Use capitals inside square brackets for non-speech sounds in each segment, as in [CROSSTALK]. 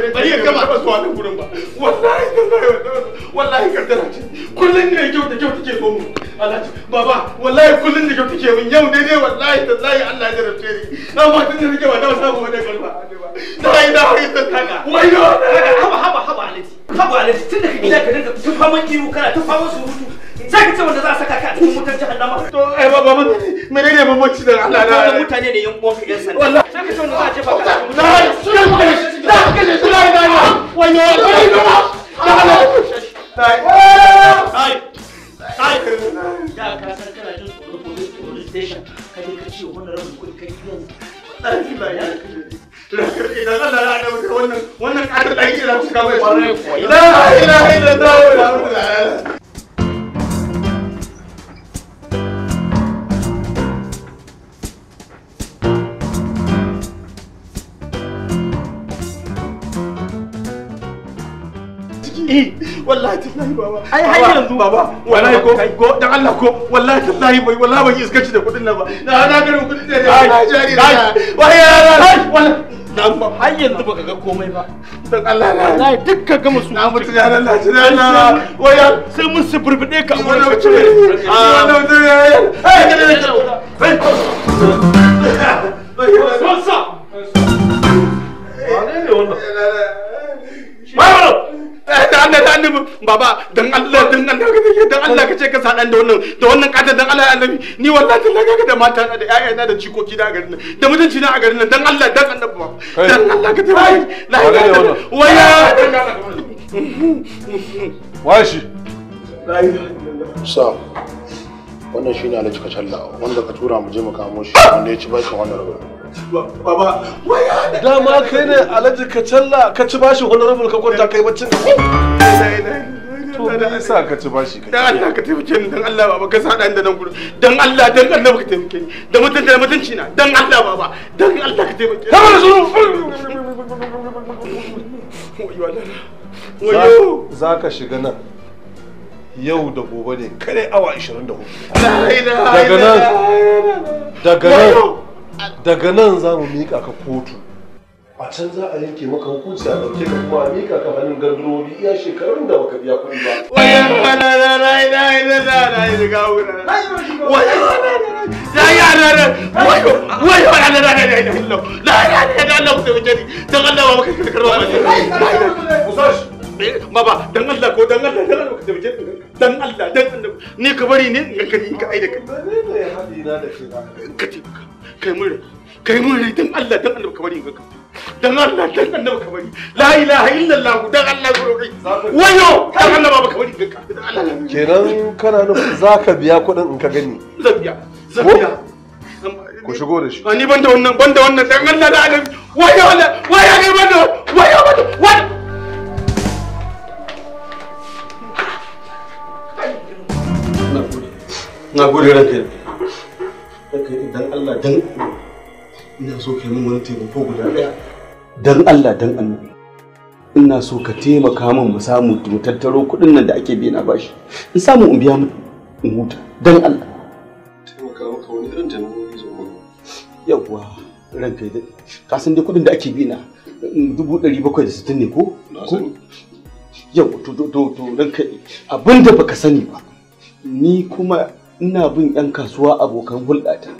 ce bari ya gama ba zuwa nan gurin ba wallahi wallahi kaddara ce kullun ne kyau da kyau take so mu alhaji baba wallahi kullun da kyau take min yau dai dai wallahi tallahi Allah ya jarabce ni na ba tun da nake ba na samu wani kalma da ina hayi ta taka wayo haba haba haba alhaji haba alhaji tun da ka gida ka dinga tufa man kiwo kana tufa wasu hutu sai ce wanda za a saka ka a cikin wutar jahannama to ai eh, ba ba mene ne bambanci da Allah na mutane ne yan uwan ka yan sanda sai ka ce wanda za a jefa ka a cikin wutar ko wallahi tallahi bai wallahi ban iskanci da kudin nan ba na na garin kudin da ya jari wai ya wallahi ba har yanzu baka ga komai ba dan Allah na wallahi gama su na mutu ya Allah ji na sai mun su burbude ka wannan a wannan ya ai da wannan Allah da annabi baba dan Allah dan Allah dan Allah kace ka sadan da wannan da wannan kada dan Allah annabi ni wallahi na ga da mata na da yaya na da jikoki da garin nan da mutunci na a garin nan dan Allah dan annabi baba dan Allah ka tafi la ilaha waya wai shi sa wannan shine alhaji kacalla wanda ka tura mu je mu kamo shi wanda ya ci bakin wannan rubutu Baba, waya Dama kai ne Alhaji ka challa ka ci bashi honorable ka kwanta kai baccin ka. To me yasa ka ci bashi kai? Dan Allah ka taimake ni dan Allah baba ka sada nan Dan Allah dan Allah ka taimake ni. Da mutunta da mutunci na dan Allah baba dan Allah ka taimake ni. Kamar su. Za ka shiga nan. yau da gobe ne kare awa 24 daga nan daga nan daga nan za mu miƙa ka kotu a can za a yanke maka hukunci a ɗauke ka kuma a miƙa ka hannun gandurobi iya shekarun da baka biya kuɗi ba. Wayan bana na rai na yi na da na yi daga wurin. Wayan bana na yi na rai na yi na na rai na yi na hillo na na na na na kusa wuce ni dan Allah ba maka shi karwa ba ne. Musashi. Baba dan Allah ko dan Allah dan Allah ka tafi dan Allah dan Allah ni ka bari ne ka ni ka aida ka. Ne ne na da shi Ka tafi. kai mun kai mun rai dan Allah dan Allah ka bari ga dan Allah dan Allah ka bari la ilaha illallah dan Allah ka bari wayo dan Allah ba ka bari ga kenan kana nufin zaka biya kuɗin in ka gani zan biya zan biya ku shigo da shi ni banda wannan banda wannan dan Allah da Allah wayo wayo kai banda wayo banda wayo na gode ranka kai idan Allah dan ina so min wani taimako guda ɗaya dan Allah dan ina so ka taimaka min mu samu mu tattaro kuɗin da ake bi na bashi in samu in biya mu in huta dan Allah taimaka maka wani irin taimako ne zo yawwa ranka ka san dai kuɗin da ake bi na mm, dubu ɗari bakwai da sittin ne ko to to to ranka baka sani ba ni kuma ina bin 'yan kasuwa abokan hulɗata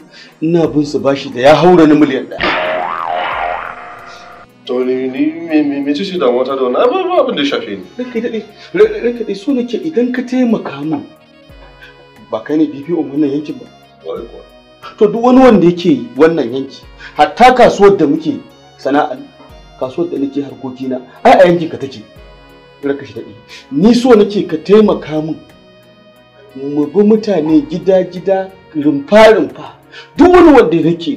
ina bin su bashi da ya haura na miliyan ɗaya to ni ni me ce ce da ta da wani abin abin da ya shafe ni ranka daɗe ranka daɗe so nake idan ka taimaka min ba kai ne bibiyo wannan yankin ba to duk wani wanda yake wannan yanki hatta kasuwar da muke sana'a kasuwar da nake harkokina ai a yankin ka take ranka daɗe ni so nake ka taimaka min mu bi mutane gida-gida rumfa-rumfa duk wani wanda nake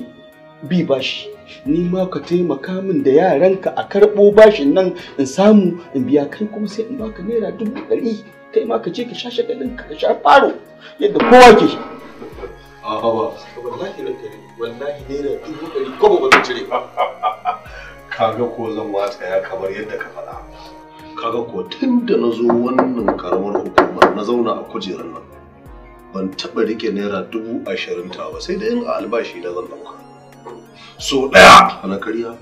bi bashi ni ma ka taimaka min da yaranka a karɓo bashin nan in samu in biya kai kuma sai in baka naira dubu ɗari kai ma ka ce ka sha shagalin ka sha faro yadda kowa ke a hawa wallahi ranka ne wallahi naira dubu ɗari kuma ba zan cire ba [LAUGHS] kaga ko zan watsa ya kamar yadda ka faɗa kaga ko tun da na zo wannan karamar hukuma na zauna a kujerar nan ban taɓa rike naira dubu ashirin ta ba sai da yin albashi na zan ɗauka so ɗaya na karya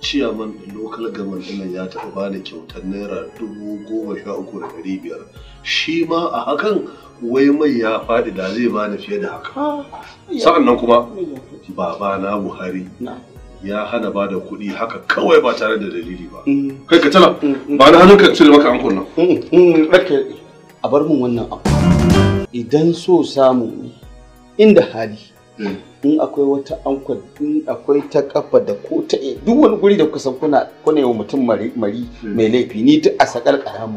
ciyaman local government ɗin ya taɓa bani kyautar naira dubu goma sha uku da ɗari biyar shi ma a hakan wai mai ya faɗi da zai bani fiye da haka ah, sa'an nan kuma babana buhari ya hana ba da kuɗi haka kawai ba tare da dalili ba mm. kai ka tala mm, mm. ba na hannun ka cire maka ankon nan a bar min wannan abu idan so samu inda hali in akwai wata ankon in akwai ta kafa da ko ta e duk wani guri da kusan san kuna kuna yi wa mutum mari mai laifi ni duk a sakal karamu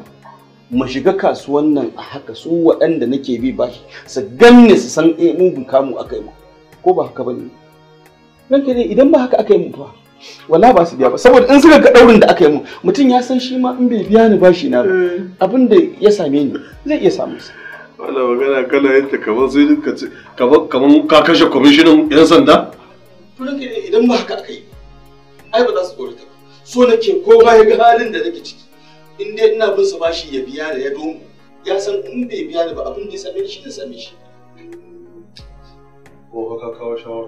mu shiga kasuwan nan a haka su waɗanda nake bi bashi su ganne su san eh mun kamu aka yi ko ba haka bane ranka ne idan ba haka aka yi mutuwa wala ba su biya ba saboda in suka ga daurin da aka yi mu mutum ya san shi ma in bai biya ni bashi na eh. abin da ya same ni zai iya samun sa wala magana kana yadda ta kamar sai duka kamar kamar ka kashe kwamishinin yan sanda to ranka idan ba haka aka yi ai ba za su kore ta ba so nake kowa ya ga halin da nake ciki in dai ina bin sa bashi ya biya da ya domo ya san in bai biya ni ba abin da ya same shi da same shi ko ka kawo shawara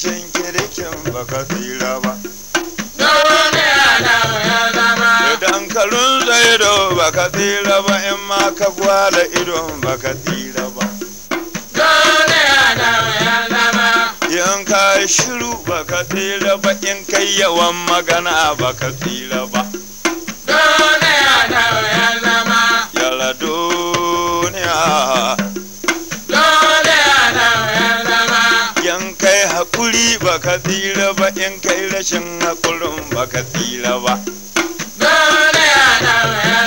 Shin kirkin baka tsira ba idan ka runza ido baka tsira ba in ma ka gwala idon baka tsira ba in ka shiru baka tsira ba in kai yawan magana baka tsira cin na kullum baka tsira ba ya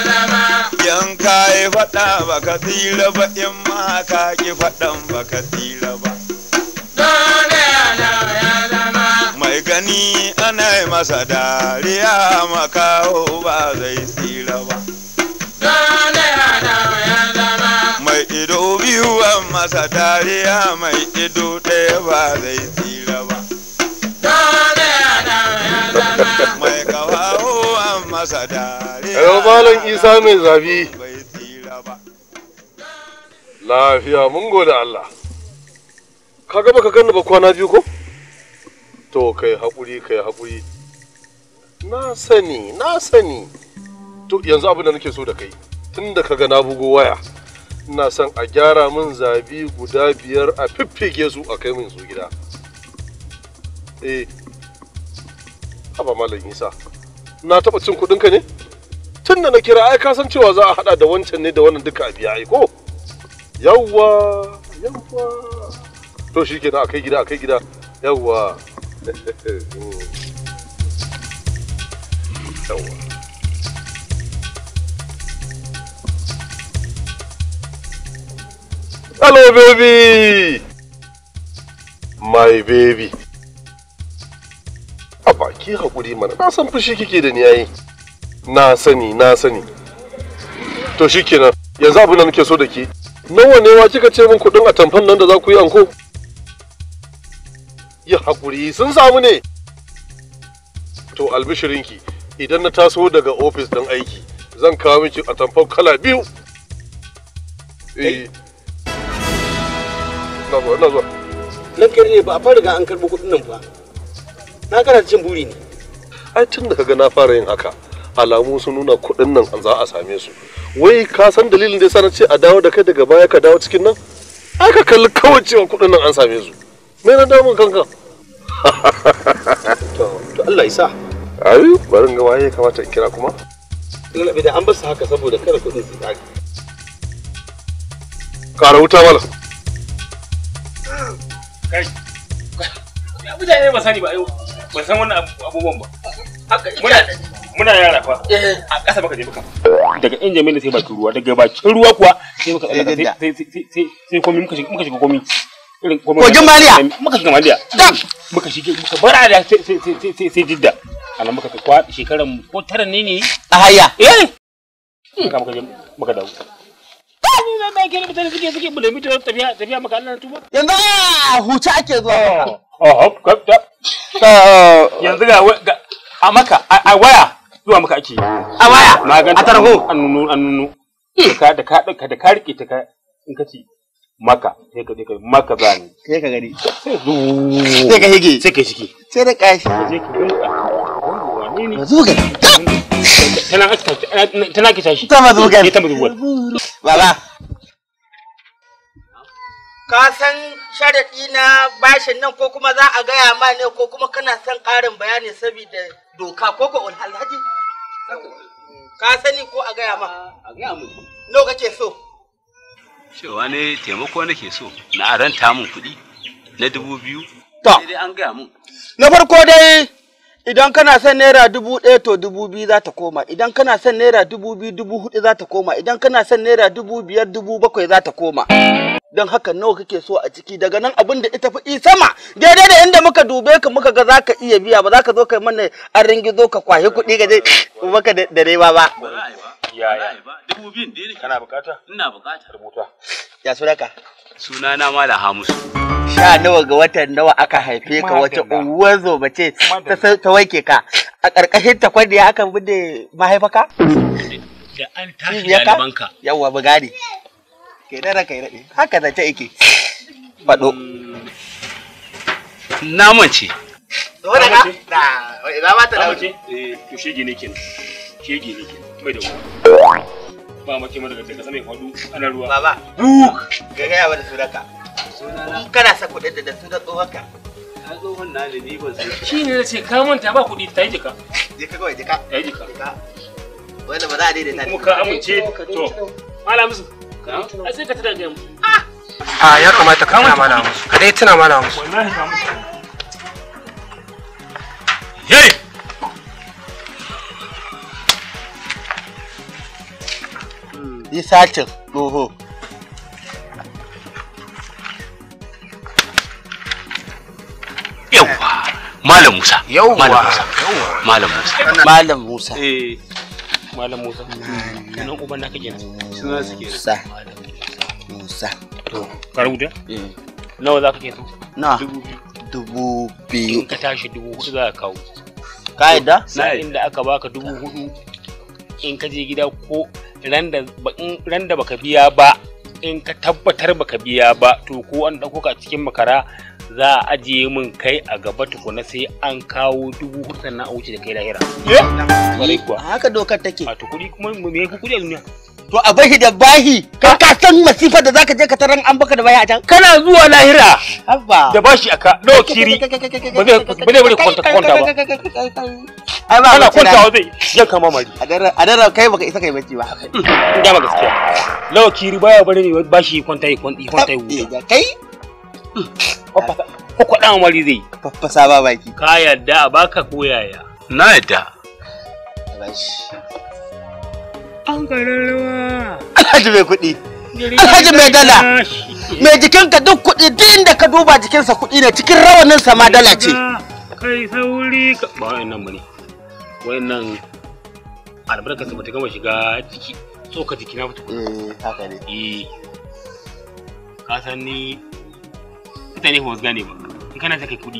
zama. yan yi faɗa baka tsira ba in ma ka ki faɗan baka tsira ba ya zama. mai gani ana yi masa dariya makaho ba zai tsira ba ya zama. mai ido biyu masa dariya mai ido ɗaya ba zai tsira ba mai gaba a masa dare malam isa mai zabi bai tsira ba lafiya mun gode allah ka gaba ka ganni ba kwana biyu ko to kai haƙuri kai haƙuri na sani na sani to yanzu abin da nake so da kai tun da kaga na bugo waya ina son a gyara min zabi guda biyar a fiffige su a kai min su gida eh haba malam isa na taɓa cin kuɗinka ne tun da na kira ai ka san cewa za a haɗa da wancan ne da wannan duka a biya ai ko yawwa yawwa to shi kenan akai gida akai gida yawwa [LAUGHS] yawwa Hello baby my baby baki ki haƙuri mana na san fushi kike da ni yayi na sani na sani to shikenan yanzu abin da nake so da ke nawa ne wa kika ce min kuɗin atamfan nan da za ku yi anko yi haƙuri sun samu ne to albishirinki idan na taso daga ofis ɗin aiki zan kawo miki atamfan kala biyu eh na zuwa na zuwa na ba a fara an karɓi kuɗin nan ba na kana cin buri ne ai tun da kaga na fara yin haka alamu sun nuna kuɗin nan za a same su wai ka san dalilin da yasa na ce a dawo da kai daga baya ka dawo cikin nan ai ka kalli kawai cewa kuɗin nan an same su me na damun kanka [LAUGHS] to Allah isa ai bari ga waye kamata in kira kuma dole da an basu haka saboda kada kuɗin su ta kara wuta mala kai ne ba sani ba yau ba san wannan abubuwan ba muna yara fa eh. a ƙasa baka je baka daga in jami'in sai bakin ruwa daga bakin ruwa kuwa sai muka eh, sai komi muka shiga muka shiga komi kogin maliya muka shiga maliya muka shiga muka bara da sai sai sai sai jidda ana muka kwa shekaran ko tara ne ne a haya eh muka hmm. muka je muka dawo na da ke mutane suke suke bude mito tafiya tafiya maka tuba yanzu a ah, huce ake zuwa oh kapta oh, oh, yanzu ga a maka a waya zuwa maka ake a waya na ganta a tarho an nunu an nunu eh, ka da ka da ka rike ta ka in ka ci maka sai ka sai maka zani sai ka gani sai ka hige sai ka shiki sai da kashi sai ka gani ah, tana tana kitashi ta mazuga ta mazuga baba ka san sharaɗi na bashin nan ko kuma za a gaya ma ne ko kuma kana son ƙarin bayani saboda doka ko ko alhaji ka sani ko a gaya ma a gaya mu no kake so cewa ne taimako nake so na ranta mun kuɗi na dubu biyu to dai an gaya mun na farko dai idan kana son naira dubu ɗaya to dubu biyu za ta koma idan kana son naira dubu biyu dubu hudu za ta koma idan kana son naira dubu biyar dubu bakwai za ta koma don haka nawa kake so a ciki daga nan abin da ita fi sama daidai da inda muka dube ka muka ga zaka iya biya ba zaka zo kai mana an ringizo ka kwahi kuɗi ga maka da dare ba. Ya Dubu dai ne. Kana bukata? Ina bukata. Rubuta. Ya suna na mala Hamisu. Sha nawa ga watan nawa aka haife ka wace uwar zo bace ta wanke ka a ƙarƙashin ta kwadi aka bude mahaifaka? Da an tashi da banka. Yawwa bugari. Kai da raka daɗe. Haka da ta yake. Faɗo. Naman Dole na? Da. Ina ma ta dauce. Eh, to shege kenan. Shege Mai da wuri. Ba maki mu daga kasa mai faɗo ana ruwa. Baba. Duk. Ga gaya wa da suraka. Kana sa kuɗin da da sunan tsohonka. Na tsohon na ne ni ban san. Shi ne da ce ka manta ba kuɗi ta yi jika. Jika kawai jika. Ta yi jika. Wanda ba za a daidaita. amince. To. sai ka tada ga mu a ya kamata ka tuna mana musu ka dai mana musu ka hey yi sacin oho yawwa malam musa malam musa malam musa malam musa eh malam musa sunan uban naka kenan sunan su kenan musa musa to ka rubuta eh nawa zaka ke so na dubu biyu in ka tashi dubu hudu za ka kawo ka na inda aka baka dubu hudu in ka je gida ko randa baka biya ba in ka tabbatar baka biya ba to ko an dauko ka cikin makara za a ajiye min kai a gaba tukuna sai an kawo dubu hudu na a wuce da kai lahira. Eh? Kwarai Haka dokar take. A tukuri kuma me ku kuɗi a duniya. To a bai da bahi ka ka san masifar da zaka je ka taran an baka da baya a can. Kana zuwa lahira. Haba. Da bashi aka no kiri. Ba zai ba zai bari kwanta kwanta ba. Ai ba kana kwanta zai yanka mamari. A dara kai baka isa kai bacci ba. Ga mm. ma gaskiya. Lawa kiri baya bari ne bashi kwanta yi kwanta yi. Eh, kai Kwakwaɗan wari zai. Faffasa ba baki. Ka yadda a baka ko yaya. Na yadda. An gararrawa. Alhaji mai kuɗi. Alhaji mai dala. Mai jikinka duk kuɗi duk inda ka duba jikinsa kuɗi ne cikin rawaninsa ma dala ce. Kai sauri ka. Ba wa'annan ba ne. Wa'annan albarkar ta gama shiga ciki, Tsoka jiki na fito. Eh haka ne. Eh. Ka san ni mutane ba su gane ba in kana saka kuɗi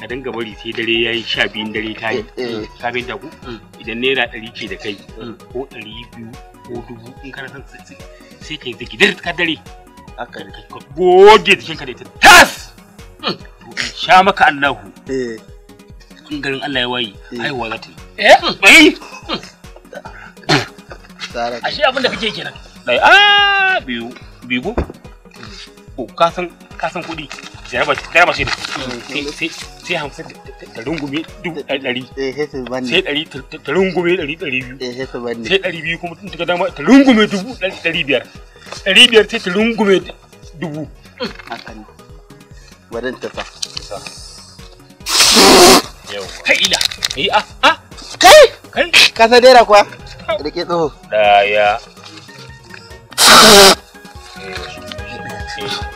ka dinga bari sai dare ya yi sha biyun dare ta yi mm, mm. ka bin ku mm. idan naira ɗari ce da kai ko ɗari biyu ko dubu in kana son sai ka yi zaki dare ka dare ka goge jikinka da ita tas hmm. to in sha maka allahu eh. in garin allah ya waye eh. haihuwa za ta yi eh bai hmm, eh, hmm. ashe abin da kake kenan a ah, biyu biyu ko ka san Kasan kuɗi jaraba shi da mm, sai ta rungume dubu ɗari biyu sai ɗari biyu kuma tun ta dama ta rungume dubu ɗari biyar ɗari biyar sai ta rungume dubu ta sa ila ah, ah. ka dera kuwa daya Thank [LAUGHS] you.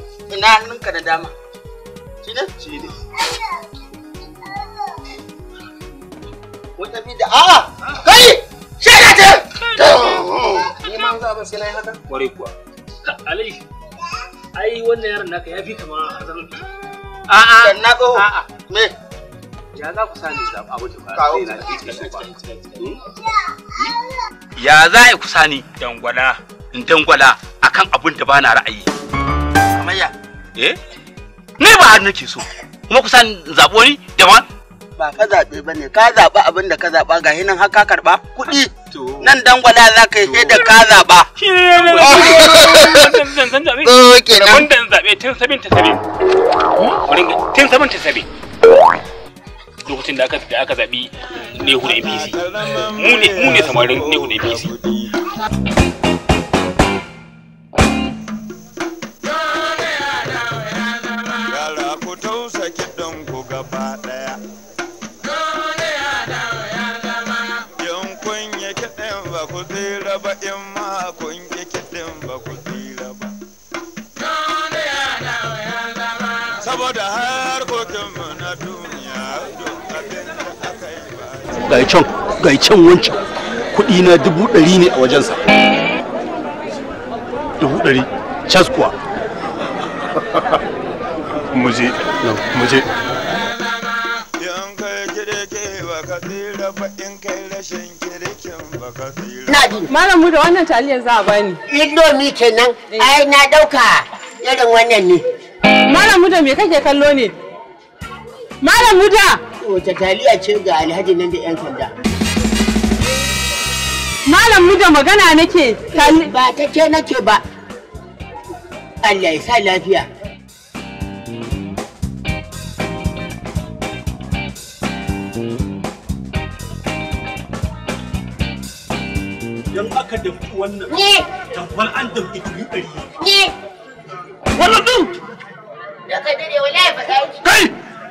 ina hannunka na dama shi ne shi ne wata bi da a'a kai shaida ce? ni ma za ba sai na yi haka kware kuwa alai ai wannan yaron naka ya fi kama hazan a'a dan na tsoho a'a me ya za ku sani da abu da ba sai na ji ba hmm? ya za ku sani dangwala dangwala akan abin da ba na ra'ayi Amayya. Eh? Ni ba har nake so. Kuma kusan zaɓo ni daban. Ba ka zaɓe ba ne, ka zaɓi abin da ka zaɓa ga hinan haka karɓa kuɗi. Nan dangwala za ka yi da ka zaɓa. Wanda oh. oh, zaɓe tun sabin ta sabi. Tun lokacin da aka zaɓi nehu da apc mu ne samarin nehu da apc ga can wancan kuɗi na dubu ɗari ne a wajensa dubu ɗari cas kuwa muje muje Malam mu da wannan taliyar za a bani. Indomi kenan, eh. ai na ɗauka irin wannan ne. Malam mu da me kake kallo ne? Malam mu da! wata taliya ce ga alhaji nan da yan sanda malam mu da magana nake eh, ba ta ce nake ba Allah ya sa lafiya Idan aka dafi wannan, tamfar an dafi dubu ɗari. Wannan duk! Ya ka dare wallahi ba za ki. Kai!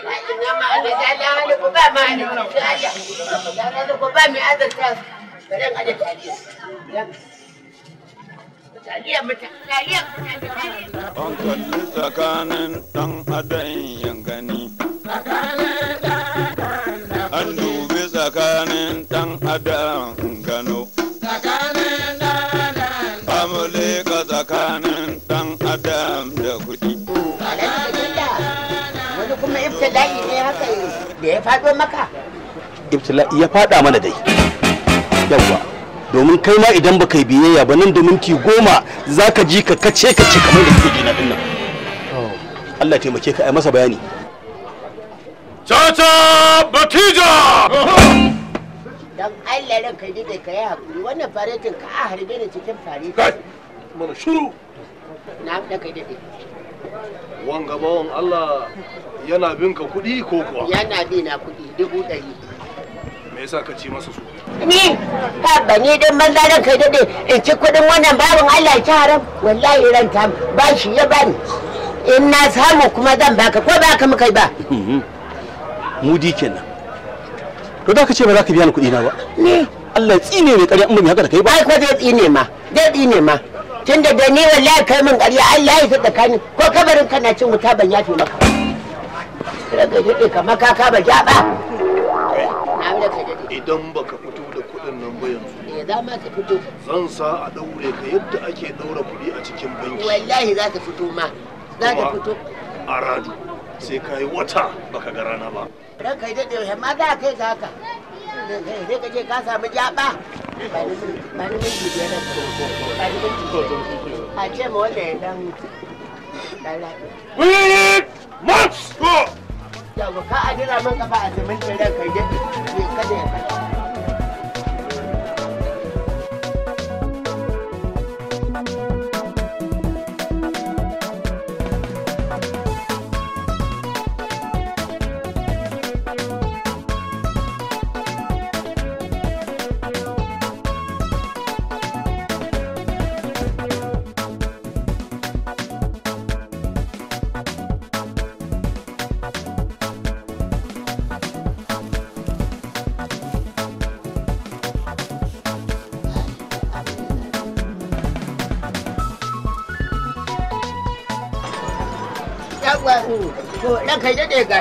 An kalli tsakanin ɗan adayin yangani. An dubi tsakanin ɗan adayin gano. faɗo maka ibtila'i ya faɗa mana dai yawwa domin kai ma idan baka yi biyayya ba nan da minti goma za ka ji ka kace kace kamar da kuke jina dinnan Allah taimake ka ai masa bayani Chacha Batija Dan Allah ran kai da ka yi hakuri wannan faretin ka a harbe ne cikin fare. Kai mana shuru na da kai da wanga bawan Allah yana bin ka kuɗi ko kuwa? Yana bi na kuɗi dubu ɗari. Me yasa ka ci masa su? Ni ba ni dan banza ran kai dade in ci kuɗin wannan babin Allah ya ci haram wallahi ran ta ba shi ya bani. In na samu kuma zan baka ko baka muka ba. Mhm. Mu di kenan. To da ka ce ba za ka biya ni kuɗi na ba. Ni Allah ya tsine ne ƙarya in ba mu haka da kai ba. Ai ko zai tsine ma. Zai tsine ma. tunda da ni wallahi kai min ƙarya Allah ya tsakani ko kabarin kana cin wuta ban yafe maka raga dade kamar ka ka ba ja ba idan baka fito da kuɗin nan ba yanzu za ma ta fito zan sa a daure ka yadda ake daura kuɗi a cikin banki wallahi za ta fito ma za ta fito a radu sai ka yi wata baka ga rana ba ranka daɗe, ma za kai ka haka sai ka je ka samu jaba Bani minti biyar da Bani minti biyar. A ce ma wanda We ka adira man kafa kada ya ranka daɗe dai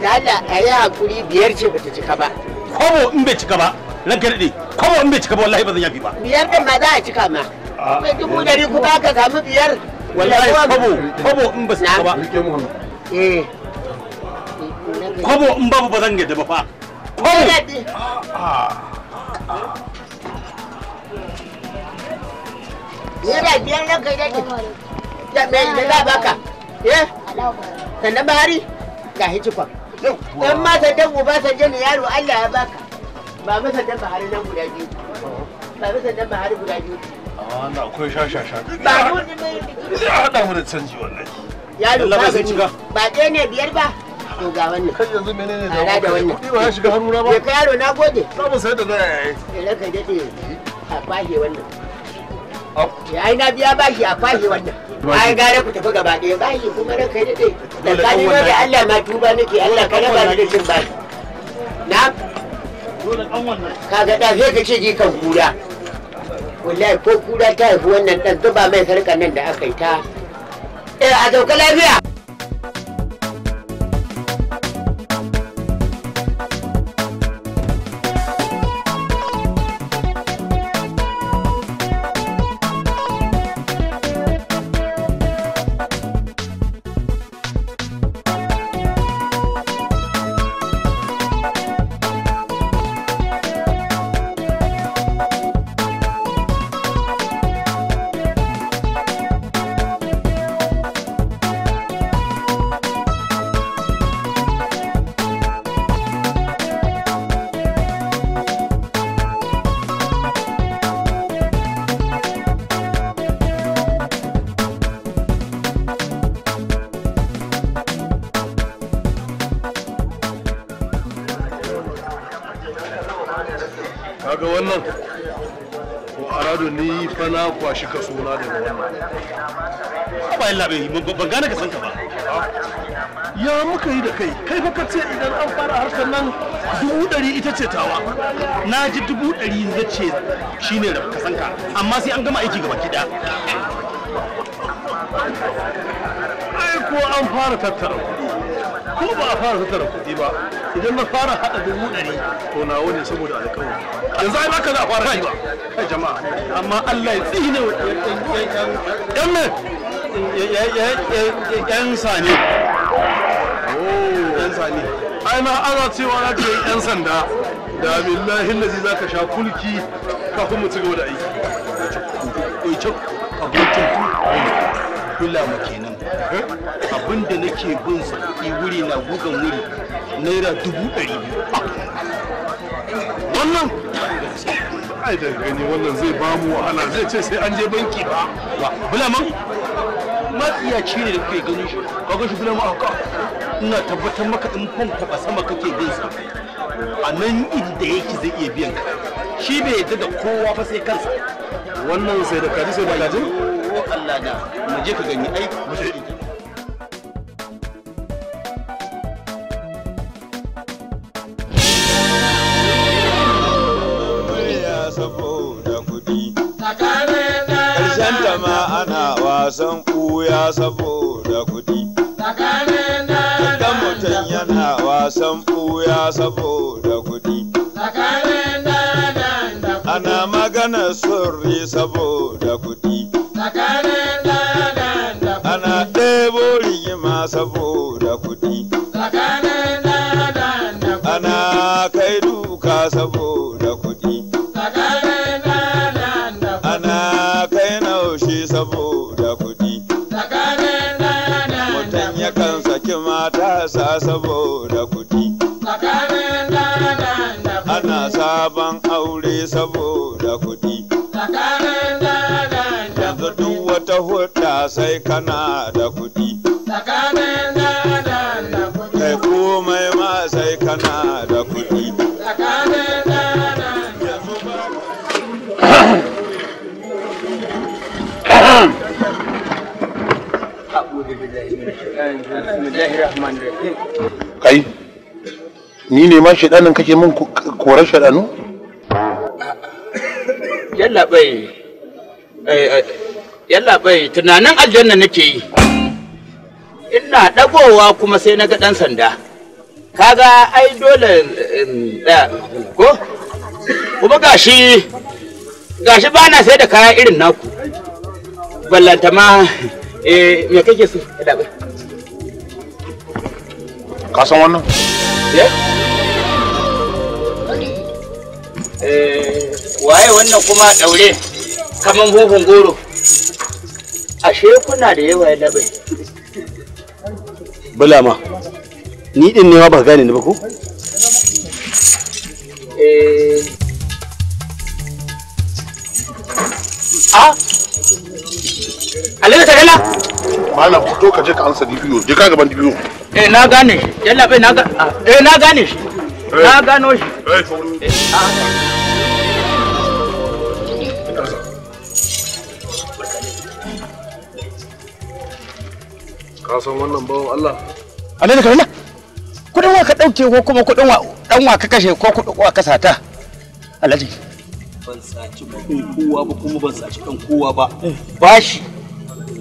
daɗe da yi hakuri in bai cika ba daɗe kobo in bai cika ba wallahi ba ba biyar ɗin a cika ma dubu kuma ka samu biyar wallahi kobo kobo in ba cika ba eh. in babu ba zan ba fa da me da za baka eh sannan bahari ga hijikon in ma dan uba sandan yaro Allah ya baka ba masa dan bahari nan guda biyu ba masa dan bahari guda biyu na akwai shashasha ba mu ya haɗa mu da canji wallahi yaro ka gani ba ɗaya ne biyar ba to ga wannan kai yanzu menene da wannan da wannan kuɗi ba ya shiga hannuna ba kai yaro na gode za mu sayar da za a yi eh, ya raka dade a kwaje wannan ya yi eh, na biya bashi a kwaje wannan ai gane ku tafi gaba ɗaya bayi kuma na kai daɗe tsakani na da Allah ma tuba nake Allah ka raba ni da cin bayi na kaga da ka ce ji kan kura wallahi ko kura ta haifi wannan ɗan zuba mai sarƙa nan da aka yi ta eh a sauka lafiya ce na ji dubu ɗari zace shi ne da kasanka amma sai an gama aiki gaba kiɗa ai ko an fara tattara kuɗi ko ba a fara tattara kuɗi ba idan na fara haɗa dubu ɗari to na wani saboda alƙawari yanzu ai baka za a fara yi ba kai jama'a amma Allah ya tsine wa ɗan me ɗan sani ɗan oh, sani ai ma ana cewa na ce ɗan sanda da billahi lazi zaka sha kulki ka kuma ci gaba da aiki oi cok abokin ku kula mu kenan abinda nake bin sa i wuri na gugan wuri naira dubu ɗari wannan ai da gani wannan zai ba mu wahala zai ce sai an je banki ba wa bulaman iya ne da kai gani shi ka ga shi bulaman a ina tabbatar maka in kun ba sama kake bin sa a nan inda yake zai iya biyan ka shi bai yadda da kowa ba sai kansa wannan sai da kaji sai da kaji ko Allah da mu je ka gani ai mu ana wasan kuya saboda saboda kuɗi. Ana magana sirri saboda kuɗi. sai kana da kuɗi. Kai komai ma sai kana da kuɗi. Kai, ni ne ma shaɗanin kake min korar shaɗanu? Yalla yalla bai tunanin aljanna nake yi ina dagowa kuma sai na ga dan sanda kaga ai dole da um, ko kuma gashi gashi ba na sai da kaya irin naku ballanta ma eh me kake so da bai ka san wannan eh? eh waye wannan kuma daure kaman huhun goro ashe kuna da yawa ya bulama ni din ne ma ba gane ni ba ko eh a ah. Alhaji Tagala Malam fito ka je ka ansa DPO je ka gaban DPO eh na gane shi yalla bai na ga ah, eh na gane shi eh. na gano shi eh ka san wannan bawan Allah alai ka nan kudin wa ka dauke ko kuma kudin wa dan wa ka kashe ko kudin wa ka sata alhaji ban saci kudin kowa ba kuma ban saci kan kowa ba bashi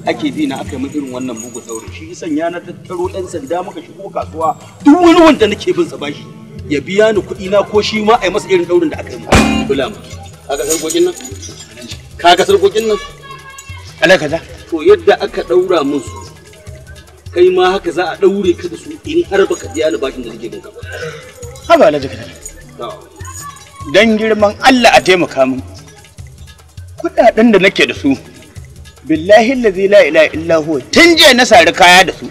ake bi na aka yi irin wannan bugu saurin shi isan ya na tattaro ɗan sanda muka shigo kasuwa duk wani wanda nake bin sa bashi ya biya ni kuɗi na ko shi ma a yi masa irin daurin da aka yi bula ma kaga sarkokin nan kaga sarkokin nan alaka da to yadda aka daura musu kai ma haka za a daure ka da su in har baka biya ni bakin da nake binka haba alhaji kadar dan girman Allah a taimaka min kudaden da nake da su billahi allazi la ilaha illa tun je na sari kaya da su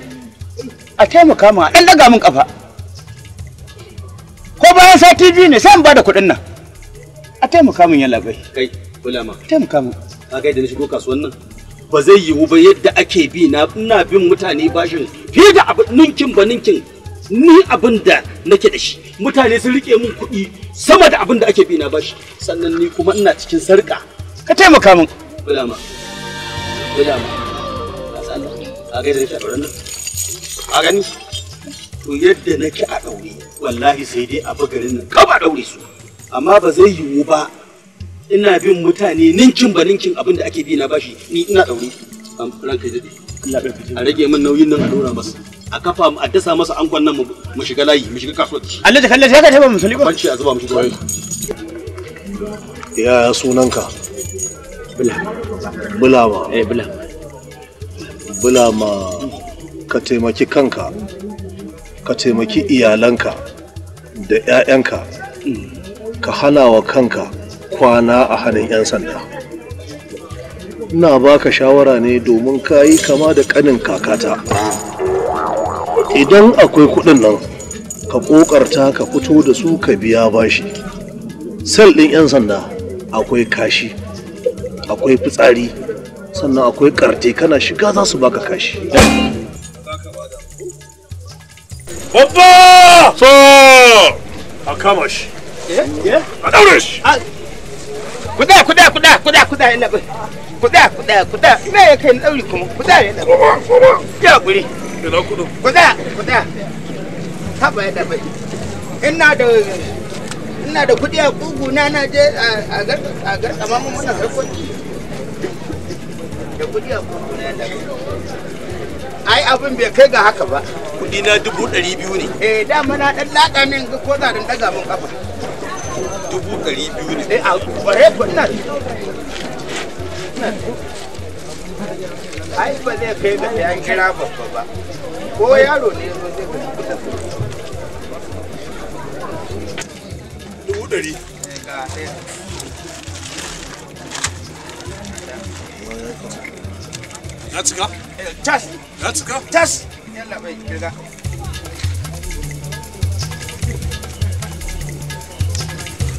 a taimaka min a dan daga min kafa ko bayan sati biyu ne sai in bada kuɗin nan a taimaka min ya labai kai ulama taimaka min ka kai da na shigo kasuwan nan ba zai yiwu ba yadda ake bi na ina bin mutane bashin fiye da abin ninkin ba ninkin ni abin da nake da shi mutane sun rike min kuɗi sama da abin da ake bi na bashi sannan ni kuma ina cikin sarƙa ka taimaka min bulama bulama a gaida da a nan a gani to yadda nake a ɗaure wallahi sai dai a bagarin nan ka ba ɗaure su amma ba zai yiwu ba ina bin mutane ninkin ba ninkin abin da ake bi na bashi ni ina daure an ranka dade a rage min nauyin nan a dora masa a kafa a dasa masa angon nan mu shiga layi mu shiga kasuwa da Allah ta kallace ka taba musuli ba kwanci a zuba mu shiga ya sunanka bula ma eh bula ma ka taimaki kanka ka taimaki iyalanka da 'ya'yanka mm. ka hana wa kanka kwana a hannun 'yan sanda ina baka shawara ne domin ka yi kama da ƙanin kakata idan akwai kuɗin nan ka ƙoƙarta ka fito da su ka biya bashi sel ɗin 'yan sanda akwai kashi akwai fitsari sannan akwai karte kana shiga za su baka kashi babba so a kama shi a ɗaure shi ah, kuda kuda kuda kuda kuda ina bai kuda kuda kuda ina ya kai dauri kuma kuda ina ya guri ina kudu kuda kuda haba ina bai ina da ina da kudi a kugu na na je a garkama mun muna harkoki da kudi a kugu na da ai abin bai kai ga haka ba kudi na dubu ɗari biyu ne eh dama na dan laƙa min ko za daga mun kafa dubu ɗari biyu ne. Eh, a ƙware eh, kwanan. Ai ba zai kai ga ya kira babba ba. Ko yaro ne zo zai ga dubu ɗari. Ya cika? Eh, tas. Ya cika? Tas. Yalla bai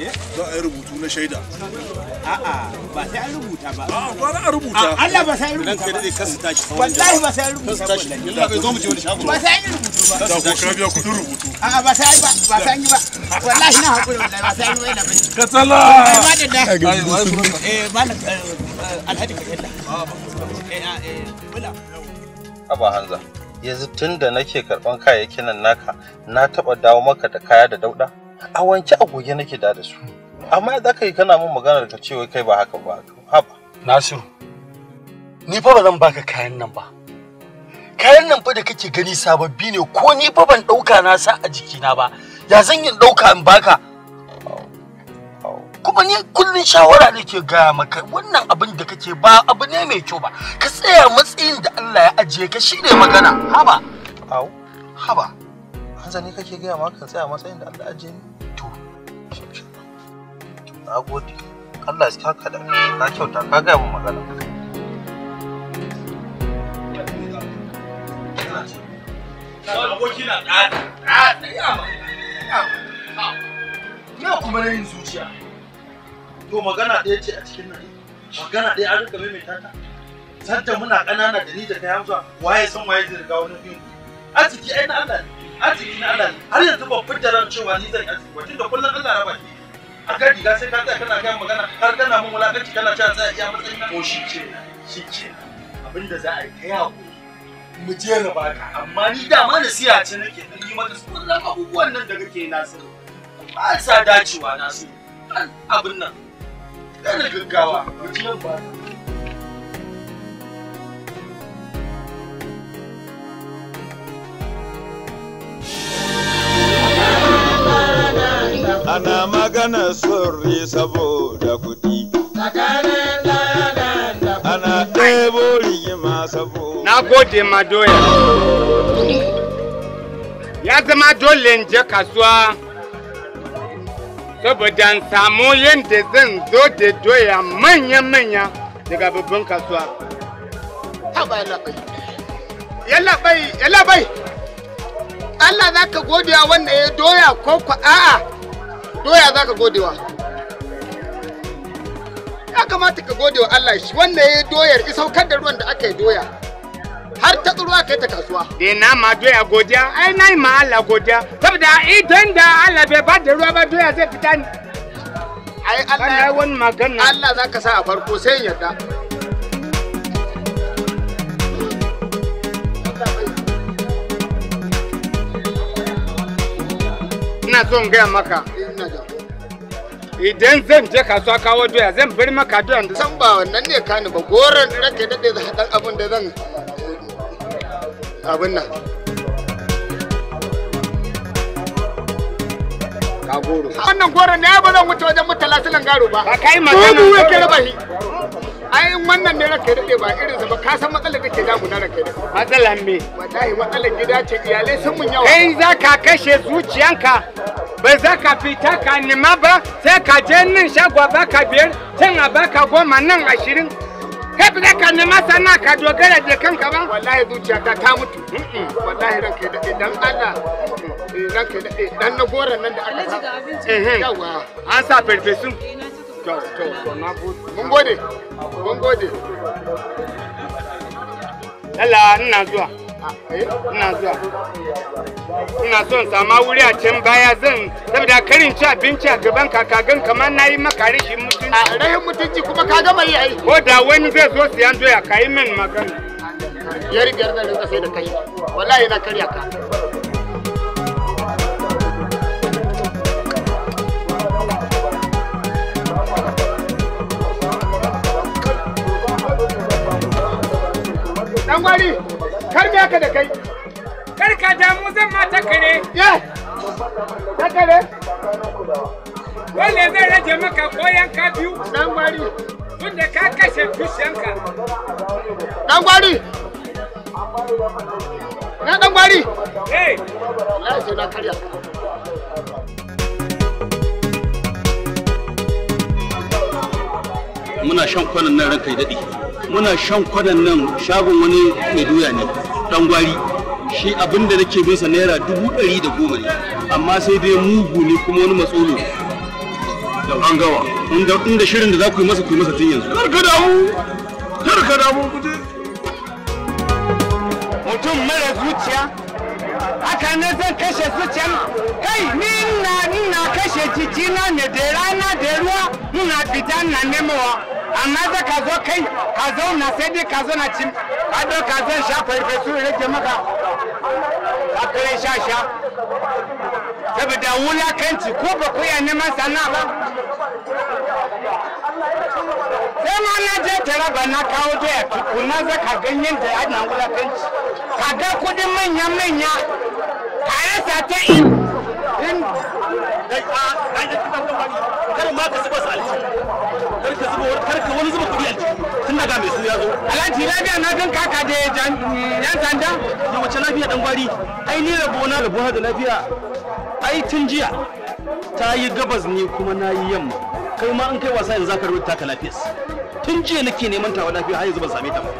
Eh? za a yi rubutu na shaida a'a ba sai an rubuta ba a'a ah, za a rubuta ah, Allah ba sai an rubuta ba kai kasu tashi wallahi ba sai an rubuta ba wallahi kai zo mu je wani shago ba sai an rubuta ba da ko ka biya kudin rubutu a'a ba sai ba ba sai ba wallahi na hakuri wallahi ba sai an rubuta ba katsala ba da da eh malak eh, eh, alhaji katsala eh ah, eh bula aba hanza yanzu tun da nake karban kayayyakin nan naka na taba dawo maka da kaya da dauda a wanke a goge nake da su amma yadda aka yi kana min magana da cewa kai ba haka ba haba nasiru ni fa ba zan baka kayan nan ba kayan nan fa da kake gani sababbi ne ko ni fa ban ɗauka na sa a jikina ba ya zan yin ɗauka in baka kuma ni kullun shawara nake ga maka wannan abin da kake ba abu ne mai kyau ba ka tsaya matsayin da Allah ya ajiye ka shine magana haba haba hanza ne kake gaya ma kan tsaya matsayin da Allah ajiye ni to na gode Allah ya saka da na kyauta ka gaya min magana Ina kuma na yin zuciya. To magana ɗaya ce a cikin nan. Magana ɗaya an rika maimaita ta. Santa muna ƙanana da ni da kai Hamza waye san waye zai riga wani biyu. A ciki ai na Allah ne. arziki na Allah har yanzu ba fitar cewa ni zan arziki ba tunda kullum Allah raba ki a kan riga sai ka tsaya kana kai magana har kana mun wulakanci kana cewa za a iya matsayin na. Ko shi ce shi ce abinda za a yi ta yawo mu je na ka. amma ni dama na siya ce nake dan yi mata kullum abubuwan nan da kake na so ba sa dacewa na so abin nan kana gaggawa mu je na baka ana magana sirri saboda kuɗi. Ana ɗebo rigima saboda. Na gode ma doya. Ya zama dole in je kasuwa saboda in samu yadda zan zo da doya manya-manya daga babban kasuwa. Haba labai. labai. Allah za ka gode wa wanda ya doya ko ku a'a doya za ka godewa ya kamata ka gode wa Allah shi wanda ya yi doyar saukar da ruwan da aka yi doya har ta tsuruwa kai ta kasuwa. Da na ma doya godiya, ai na yi ma Allah godiya, saboda idan da Allah bai ba da ruwa ba doya zai fita ni. Ai Allah ya wani magana. Allah za ka sa a farko sai yarda. Ina son gaya maka, idan zan je kasuwa kawo doya zan bar maka doya da san ba wannan ne ka ni ba goron rake dade da dan abun da zan abun nan ka goro wannan goron ne ba zan wuce wajen mutala silan garo ba ka kai magana ko mu rabahi ai wannan ne ranka dade ba irin sa ba ka san matsalar da ke damu na ranka dade matsalar me wallahi matsalar gida ce iyalai sun mun yawa kai za ka kashe zuciyanka ba za ka fita ka nema ba sai ka je nan shagwa baka biyar can a baka goma nan ashirin kai ba ka nema sana ka dogara da kanka ba wallahi zuciyata ta mutu wallahi ranka dade dan Allah eh, ranka dade dan na goran nan da aka sa eh, eh. yawa an sa farfesun kyau kyau na mun gode mun gode ah, eh? ina zuwa ina zuwa ina son sama wuri a can baya zan saboda karin ci abinci a gaban kakagan kamar na yi maka rashin mutunci a ah, rashin mutunci kuma ka gama yi ai ko da wani zai zo siyan doya ka yi min magana ya biyar da rinka sai da kai wallahi na karya ka Dan gwari, kar me haka da kai? Kar ka damu zan ma ta kare. Ye! Ta kare? Dole zai rage maka koyan ka biyu. Dan gwari. Tunda ka kashe fushinka. Dan gwari. Na dan gwari. Eh. na karya. muna shan kwanan nan ranka yi daɗi, muna shan kwanan nan shagon wani mai doya ne ɗan gwari shi abin da nake bin sa naira dubu ɗari da goma ne amma sai dai mugu ne kuma wani matsolo da an gawa inda shirin da za ku yi masa ku yi masa tun yanzu karka damu karka damu kuje mutum mara zuciya haka ne zan kashe zuciya kai ni na kashe jijina ne da rana da ruwa muna fita na nemowa amma za ka zo kai ka zauna sai dai ka zauna cin ka zo ka zan sha farfesu rage maka akare sha sha saboda wulakanci ko ba ku yi neman sana ba sai ma na je tara ba na kawo doya tukuna za ka ganyen da yana wulakanci ka ga kudin manya-manya ka rasa ta in in da ka ga kuma kar ma ka su karka wani zuba kuɗi a ciki tun daga mai su ya zo alhaji lafiya na gan kaka da yan sanda Da wace lafiya dan gwari ai ni rabo na rabo da lafiya ai tun jiya ta yi gabas ne kuma na yi yamma kai ma an kai wasa yanzu zaka rubuta ka lafiyas tun jiya nake neman tawa lafiya har yanzu ban same ta ba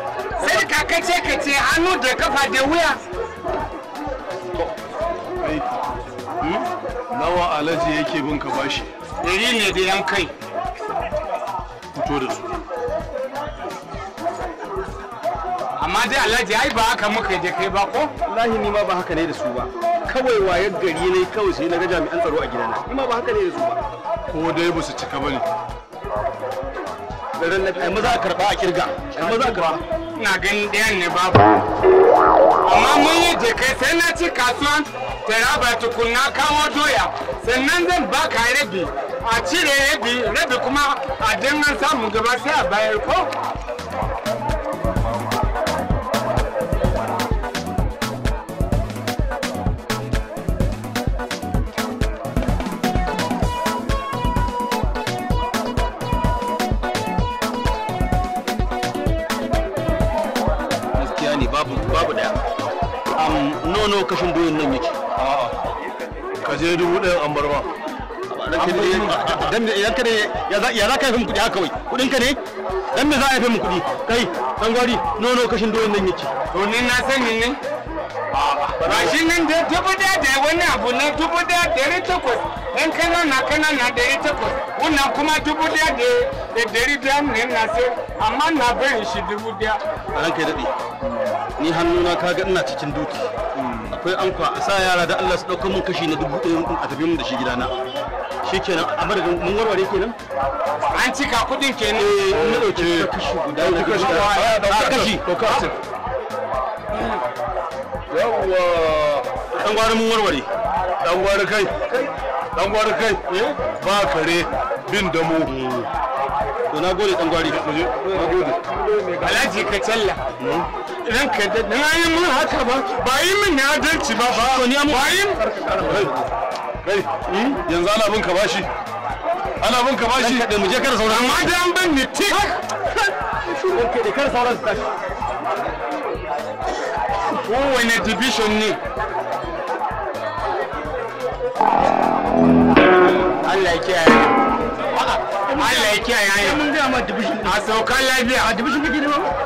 sai ka kace kace hannu da kafa da wuya hmm? nawa alaji yake bin ka bashi dari ne da yan kai fito da su amma dai alhaji ai ba haka muka je kai ba ko wallahi ni ma ba haka ne da su ba kawai wayar gari ne kawai sai na ga jami'an tsaro a gidana ni ma ba haka ne da su ba ko dai ba su cika bane garin na ai maza a karba a kirga ai maza karba ina ganin ɗayan ne babu amma mun yi jikai sai na ci kasuwan taraba tukunna kawo doya sannan zan baka rabi a cire rabi kuma a dangan samun gaba sai a bayar ko kashin doyon nan yake ka je dubu ɗayan an bar ma ya za ka yi kuɗi haka wai kuɗin ka ne dan me za a yi mu kuɗi kai dan gwari nono kashin doyin nan yake to ni na sani ne ba shi nan da dubu da da wani abu na dubu da dari takwas ɗan kanana kanana dari takwas wannan kuma dubu da da dari da ne na sai amma na bayan shi dubu da ranka ya daɗi ni hannuna kaga ina cikin duki akwai ankwa a sa yara da Allah su ɗauka mun kashi na dubu ɗaya a tafiyar mu da shi gidana shi kenan a madadin mun warware kenan an cika kuɗin kenan eh mun ɗauki kashi guda na kashi a kashi ah. yawwa dan gwara mun warware dan gwara kai dan gwara kai eh? ba kare bin damo eh. to na gode dan gwari na gode alhaji ka challa hmm? ranka da na yi mun haka ba ba yi min ne adalci ba ba ba yi kai hmm? yanzu ana bin ka bashi ana bin ka bashi da mu je kar sauran amma da an ban ni tik okay da kar sauran kowane division ne Allah ya kiyaye Allah ya kiyaye a saukan lafiya a division kake ne ba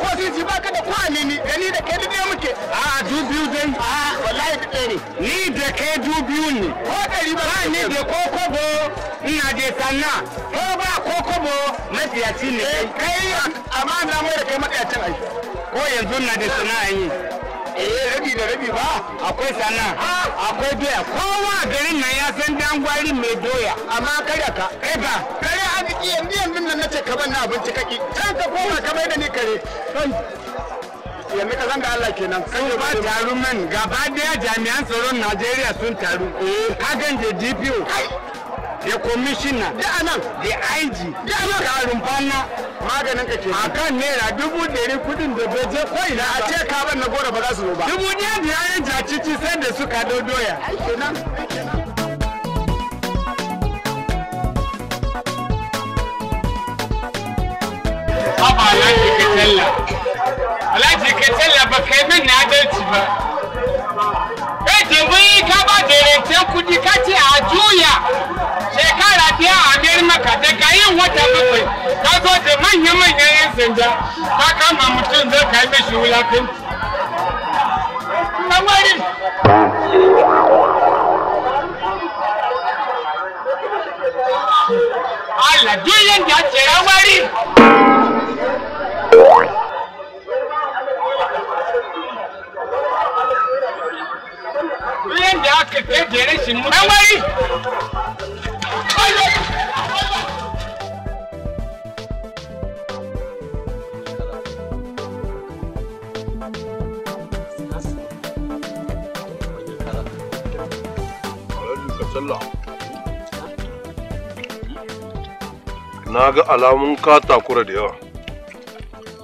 ko sisi ba ka da ko ni. da ni da kai duk muke a du biyu dai a wallahi duk ne ni da kai du biyu ne ko dari ba ni da ko kobo ina da sanna ko ba ko kobo mafiyaci ne eh, kai amma na mai da kai makayacin ai ko yanzu na da sana'a yi eh rabi da rabi ba akwai sana akwai doya kowa garin nan ya san dan gwari mai doya amma kada ka kai ba kare arziki yanzu yanzu nan nace ka na abinci kaki kan ka koma ka bai da ni kare yanzu ka san da Allah kenan kan ba taru man gaba daya jami'an tsaron Najeriya sun taru eh. ka ganje DPO da kwamishina da anan da ig da anan da rumfana maganin ka ke a kan naira dubu ɗari kudin da bai je ko ina a ce ka na gora ba za su zo ba dubu ɗaya da yayin jacici sai da suka dodoya Papa, Alhaji ka talla. Alhaji ka tella ba kai min na adalci ba. ɗibi ka ba direktin kudi ka a juya shekara biya a amerika daga yin wata bakwai ka zo da manya-manyan yan sanda ka kama mutum zai kai mashi wulakin kamarin Allah duk yadda ya ce wari Na ga alamun ka takura da yawa.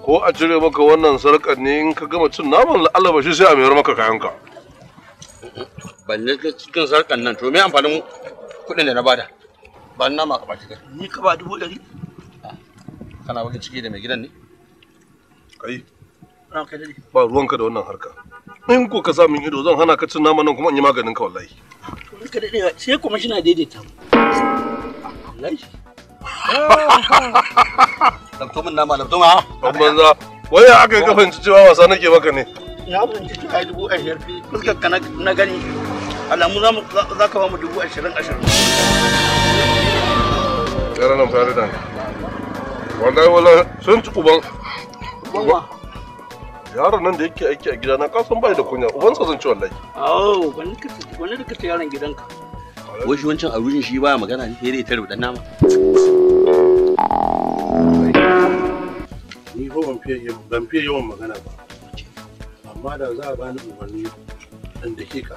Ko a cire maka wannan sarƙar ne in ka gama cin naman alaba sai a mayar maka kayanka. balle cikin sarkan nan to me amfanin kuɗin da na bada ba na ma kaba cikin ni kaba dubu ɗari ah, kana wani ciki da mai gidan ne kai ba ruwanka da wannan harka in ko ka sa min ido zan hana ka cin nama nan kuma in yi maganin ka wallahi sai kuma shi na daidaita wallahi lafto min nama lafto ma ban banza waya aka yi ka cewa wasa nake maka ne ya fahimci dubu ashirin fuskar ka na gani alamu za ka ba mu dubu ashirin ashirin yaran nan fari da wallahi wallahi sun ci uban yaron nan da yake aiki a gidana kasan bai da kunya ubansa zan ci wallahi oh wani ka kace yaron gidanka wai shi wancan arujin shi baya magana ne sai dai ta rubuta nama ni ko ban fiye yawan ban fiye yawan magana ba amma da za a bani umarni dan ka.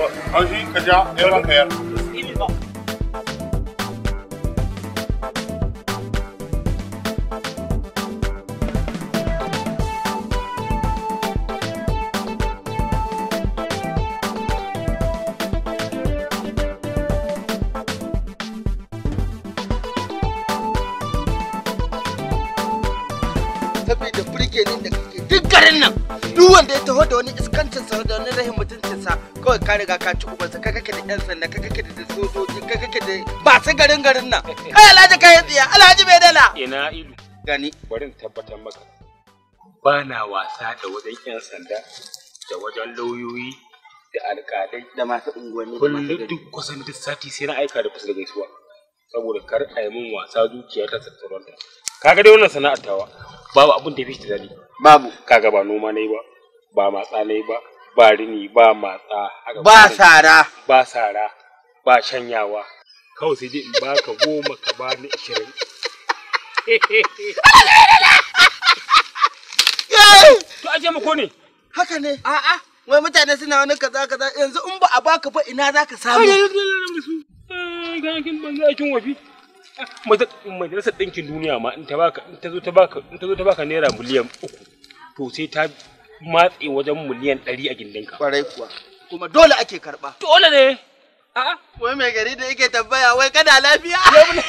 an shi ka ja ya duk garin nan duk wanda ya taho da wani iskancin sa da wani kawai ka riga ka ci ubansa ka kake da yan sanda ka kake da sojoji ka kake da masu garin garin nan [LAUGHS] kai alhaji kai tsiya alhaji bai dala ina ilu gani bari in tabbatar maka ba na wasa da wajen yan sanda da wajen lauyoyi da alƙalai da masu unguwanni kullum duk kusan duk sati sai na aika da kusa da gaisuwa saboda kar a yi min wasa zuciya ta ta kaga dai wannan sana'ar tawa babu abin da ya fi ta dadi babu kaga ba noma ne ba ba matsa ne ba ba rini ba matsa ba sara ba sara ba shanyawa kawai sai dai in baka goma ka ba ni ishirin to aje mu ko ne haka ne a'a wai mutane suna wani kaza kaza yanzu in ba a baka ba ina zaka samu ban banza kin wafi majalisar ɗinkin duniya ma in ta baka in ta zo ta baka in ta zo ta baka naira miliyan uku to sai ta matse wajen miliyan ɗari a gindinka. Kwarai kuwa. Kuma dole ake karɓa. Dole ne. A'a. Wai mai gari da yake tambaya wai kana lafiya? [LAUGHS]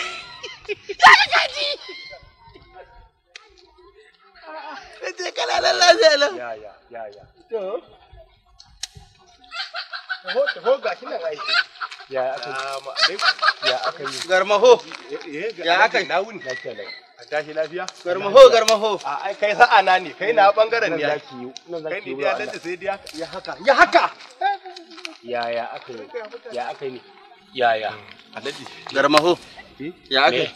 Ya kana nan lafiya Ya ya ya ya. To. nan aiki. Ya aka yi. Ya aka yi. Garmaho. Eh, eh, ya aka yi. Na Ya Lafiya ka tashi lafiya garmaho garmaho a ai kai sa'a na ne kai na bangaren ne ya kai ne diya dan sai diya ya haka ya haka ya ya aka eh? ya aka ne ya ya alaji garmaho ya aka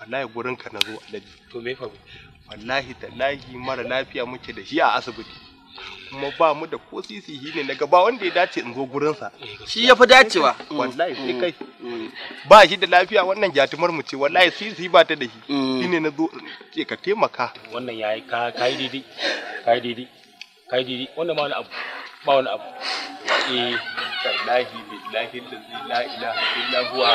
wallahi gurin ka na zo alaji to me fa wallahi tallahi mara lafiya muke da shi a asibiti kuma ba mu da ko sisi ne na ba wanda ya dace in zo gurinsa eh, shi ya fi dacewa mm, wallahi sai mm, kai mm. ba shi da lafiya wannan jatumar mu ce wallahi sisi ba ta da shi shi ne na zo ce ka taimaka wannan yayi ka kai didi kai didi kai didi wannan ma wani abu ba wani abu eh wallahi billahi la ilaha illa huwa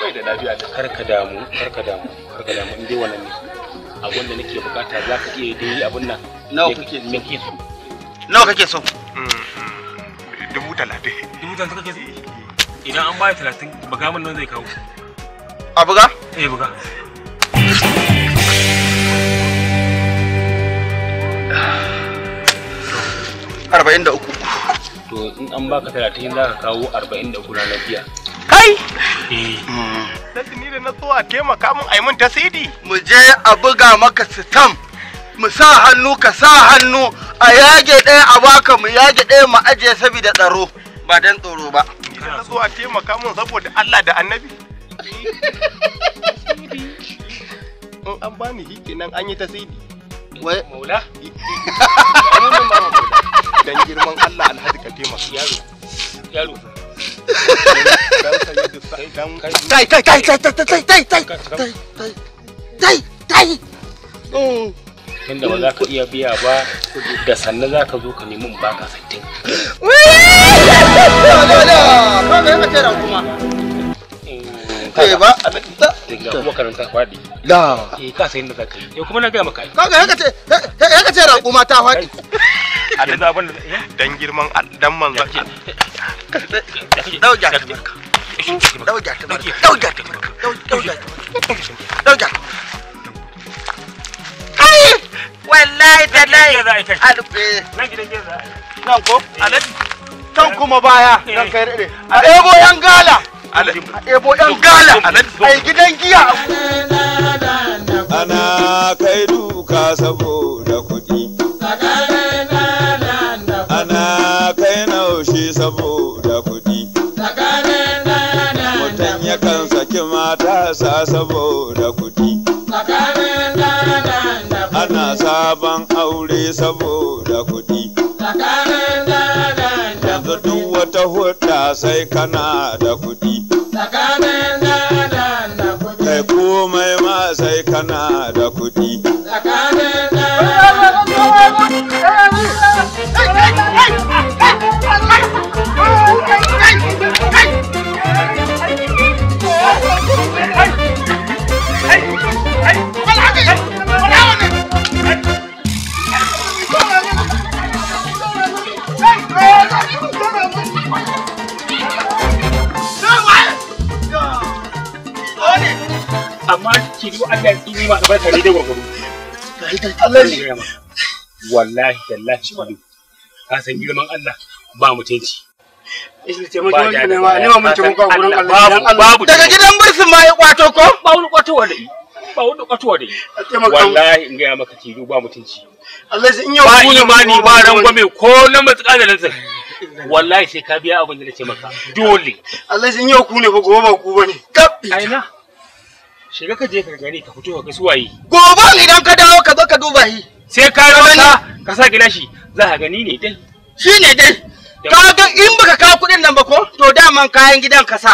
bai da lafiya karka damu karka damu karka damu in dai wannan ne abun da nake bukata za ka iya dai abin nan nawa kake so kake so nawa kake so mm-hmm. dubu talatin dubu talatin kake so idan an baya talatin buga min nan zai kawo a buga eh buga arba'in da uku to in an baka talatin za ka kawo arba'in da uku na biya kai ni da na so a taimaka min a tasiri mu je a buga maka sitam mu sa hannu ka sa hannu a yage ɗaya a baka mu yage ɗaya mu ajiye saboda tsaro ba dan tsoro ba da na so taimaka saboda Allah da annabi [LAUGHS] in an bani shi nan an yi tasiri wai [LAUGHS] maula dan girman Allah alhaji ka taimaka yaro yaro cai, cai, cai, cai, cai, cai, cai, cai, cai, cai, cai, cai, ba za ka iya biya ba, da cai, za ka zo ka cai, cai, cai, cai, cai, cai, cai, kuma. eh ba a da dinga kuma karanta eh ka sai inda zaka yi kuma na ga maka kaga raƙuma ta fadi a da abin dan girman dan manzo dau ta barka dau ta barka ta barka dau ta barka wallahi da nan eh. ko kan eh. kuma baya eh. nan kai rede a ɗebo yan gala ebo yan gala a gidan giya ana kai duka saboda kuɗi ana kai naushe saboda kuɗi mutum yakan saki matasa saboda kuɗi ana sabon aure saboda kuɗi yanzu duk wata hudda sai kana da kuɗi komai ma sai kana da kuɗi mata daidai gwagwaro wallahi tallahi shi ba san girman Allah ba mutunci daga gidan bursun ma ya kwato ko ba wani kwato wa dai ba wani kwato wa dai wallahi in gaya maka tilo ba mutunci Allah in yau ba imani ba rangwame ko na da lantar wallahi sai ka biya abin da nace maka dole Allah in yau ku ne ba gobe ba ku bane aina Shiga ka je ka gani ka fito ga suwaye. Gobe idan ka dawo ka zo ka duba shi. Sai ka rawa wata ka sa gilashi za ka gani ne dai. Shi ne dai. Ka ga in baka kawo kuɗin nan ba ko to daman kayan gidan ka sa.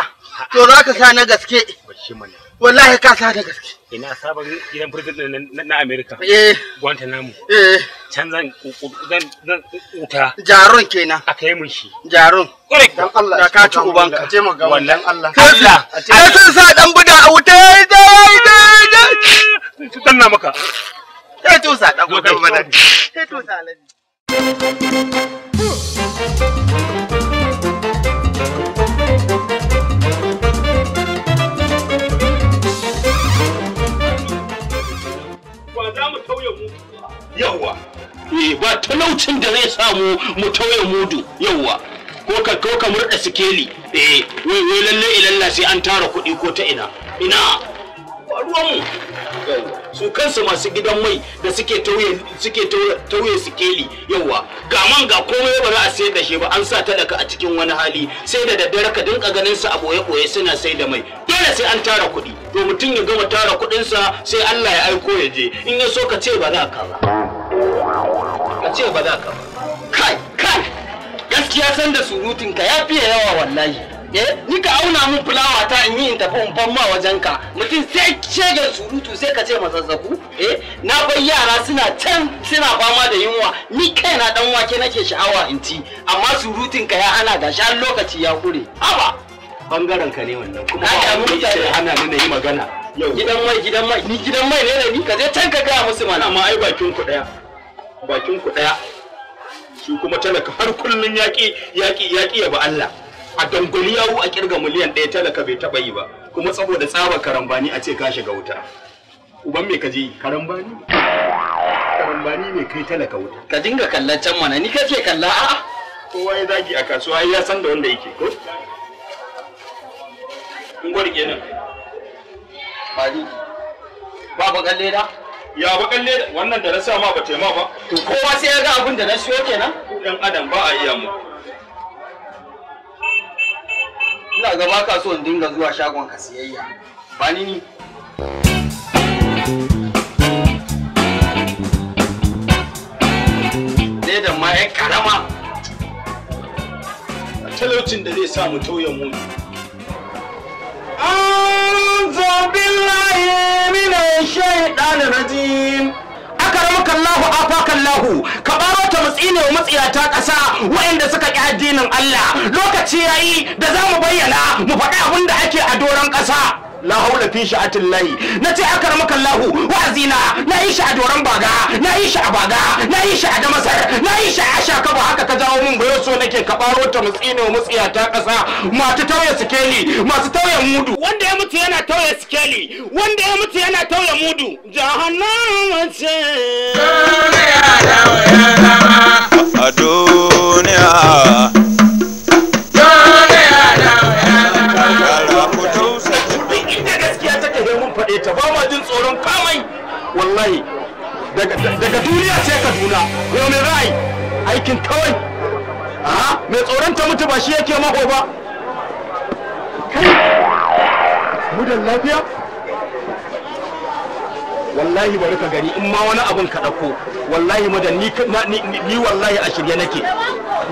To za ka sa na gaske. Bashi mana. wallahi ka sa da gaske ina sabon gidan prison na america eh gwanta namu eh can zan zan zan uta jaron kenan a kai mun shi jaron dan Allah da ka ci ubanka ce maka wannan Allah Allah ai sun sa dan buda a wuta dai dai dai dan na maka sai to sa dan buda mana sai to sa lani yawwa eh, ba talaucin da zai samu mu tauye mudu yawwa ko ka ko ka murda sikeli eh wai wai lalle ilalla sai an tara kuɗi ko ta ina ina ruwan mu su kansu masu gidan mai da suke tauye suke tauye sikeli yawwa ga man ga komai ba za a sayar da shi ba an sa talaka a cikin wani hali sai da daddare ka dinka ganin su a boye boye suna sai da mai dole sai an tara kuɗi to mutum ya gama tara kuɗinsa sai Allah ya aiko ya je in ya so ka ce ba za ka ba ce ba za ka ba kai kai gaskiya san da surutun ka ya fiye yawa wallahi eh ni ka auna min fulawa ta in yi in tafi in ban ma wajen ka mutum sai ga surutu sai ka ce mazazzabu eh na bar yara suna can suna fama da yunwa ni kaina dan wake nake sha'awa in ci amma surutun ka ya hana da shan lokaci ya kure haba bangaren ka ne wannan kuma ba wani hana ni na yi magana gidan mai gidan mai ni gidan mai ne da ni ka je can ka gaya musu mana amma ai bakin ku daya bakin ku daya shi kuma talaka har kullun yaƙi yaki yaki ya ba Allah a dangwali yawo a kirga miliyan ɗaya talaka bai taɓa yi ba kuma saboda tsaba karambani a ce ka shiga wuta uban me kaji karambani karambani ne kai talaka wuta ka dinga kallon can mana ni kace kalla a kowa ya zagi a kasuwa ya san da wanda yake ko in kenan nan ba ni ba ba kalle da ya ba kalle wannan da na sa ma ba ta ma ba to kowa sai ya ga abin da na siyo kenan dan adam ba a iya mu ina ga ba so in dinga zuwa shagon ka siyayya ba ni ni da ma ya karama talaucin da zai sa mu tauye mu أعوذ بالله من الشيطان الرجيم أكرمك الله أعطاك الله كبارة matsi ne wa matsiyata ƙasa waɗanda suka ƙi addinin Allah lokaci yayi da za mu bayyana mu faɗi abin da ake a doron ƙasa la haula fi sha'atin lahi na ce aka ramaka lahu wa'azina na yi shi a doron baga na yi shi a baga na yi shi a damasar na yi shi a shaka ba haka ka jawo min bayo so nake ka baro ta mutsi ne mutsiya ta kasa masu tauye sikeli masu tauye mudu wanda ya mutu yana tauye sikeli wanda ya mutu yana tauye mudu jahannama ce a duniya ta ba ma jin tsoron kamai wallahi daga duniya sai kaduna yau mai ra'ayi aikin kawai a mai tsoron ta mutu ba shi yake mako ba kai mudan lafiya wallahi bari ka gani in ma wani abin ka ɗauko wallahi madan ni wallahi a shirye nake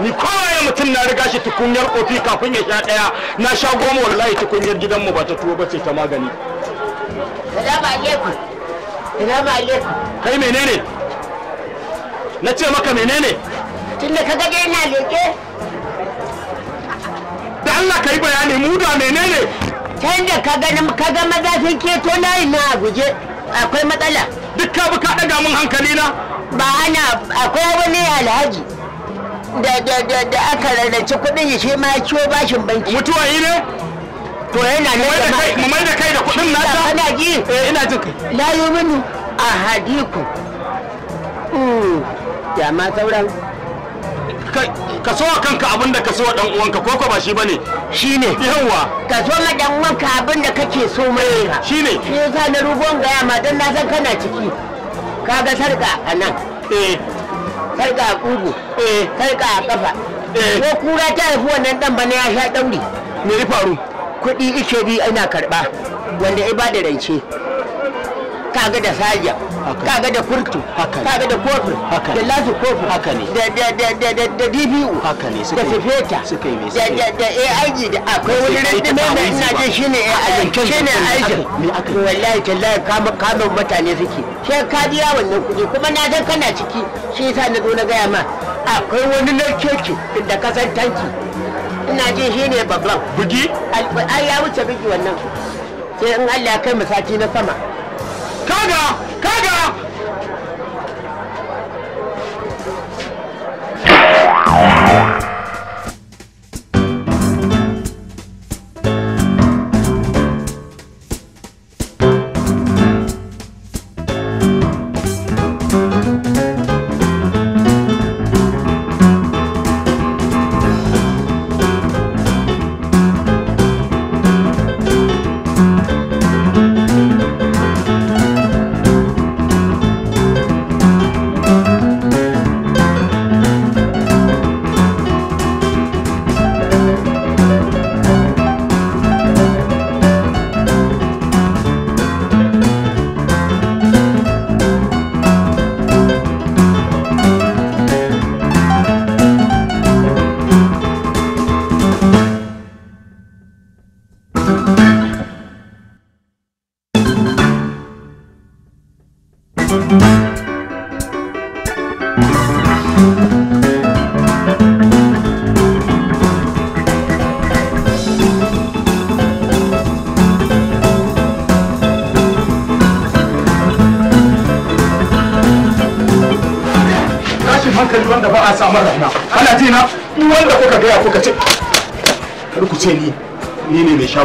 ni kawai mutum na riga shi tukunyar kofi kafin ya sha ɗaya na sha goma wallahi tukunyar gidanmu ba ta tuwo ba ce ta magani Kai menene? Na ce maka menene? Tun da ka gaje ina leke. Da Allah ka yi bayani mu da menene? Can da ka gani ka ga maza sun keto layin na guje akwai matsala. Duk ka bi ka ɗaga mun hankali na? Ba ana akwai wani alhaji. Da da da aka rarrace kuɗin shi ma ya bashin banki. Mutuwa yi ne? to yana nan mu mai da kai da kudin na ta kana ji eh ina jin kai la yuminu ahadiku hmm. ya ma sauran ka so kanka abinda ka so dan uwanka ko ko ba shi bane shine yawa ka so ma dan uwanka abinda kake so mai eh, shine shi yasa na rugon ga ma dan na san kana ciki kaga sarka anan eh sarka a kugu eh sarka a kafa eh ko kura ta haifi wannan dan bana ya sha dauri me ya faru kuɗi ike bi ina karɓa wanda ya bada rance kaga da saja kaga da kurtu kaga da kofin da lasu kofin da dbu da sifeta da aig da akwai wani rantsume mai ina je shi ne aig shi ne aig wallahi tallahi kama mutane suke shi ka biya wannan kuɗi kuma na dan kana ciki shi yasa na zo na gaya ma akwai wani narkeci da kasan tanki ina ji shi ne babban bugi ai ya wuce bugi wannan sai in allah kai mu sati na sama kaga kaga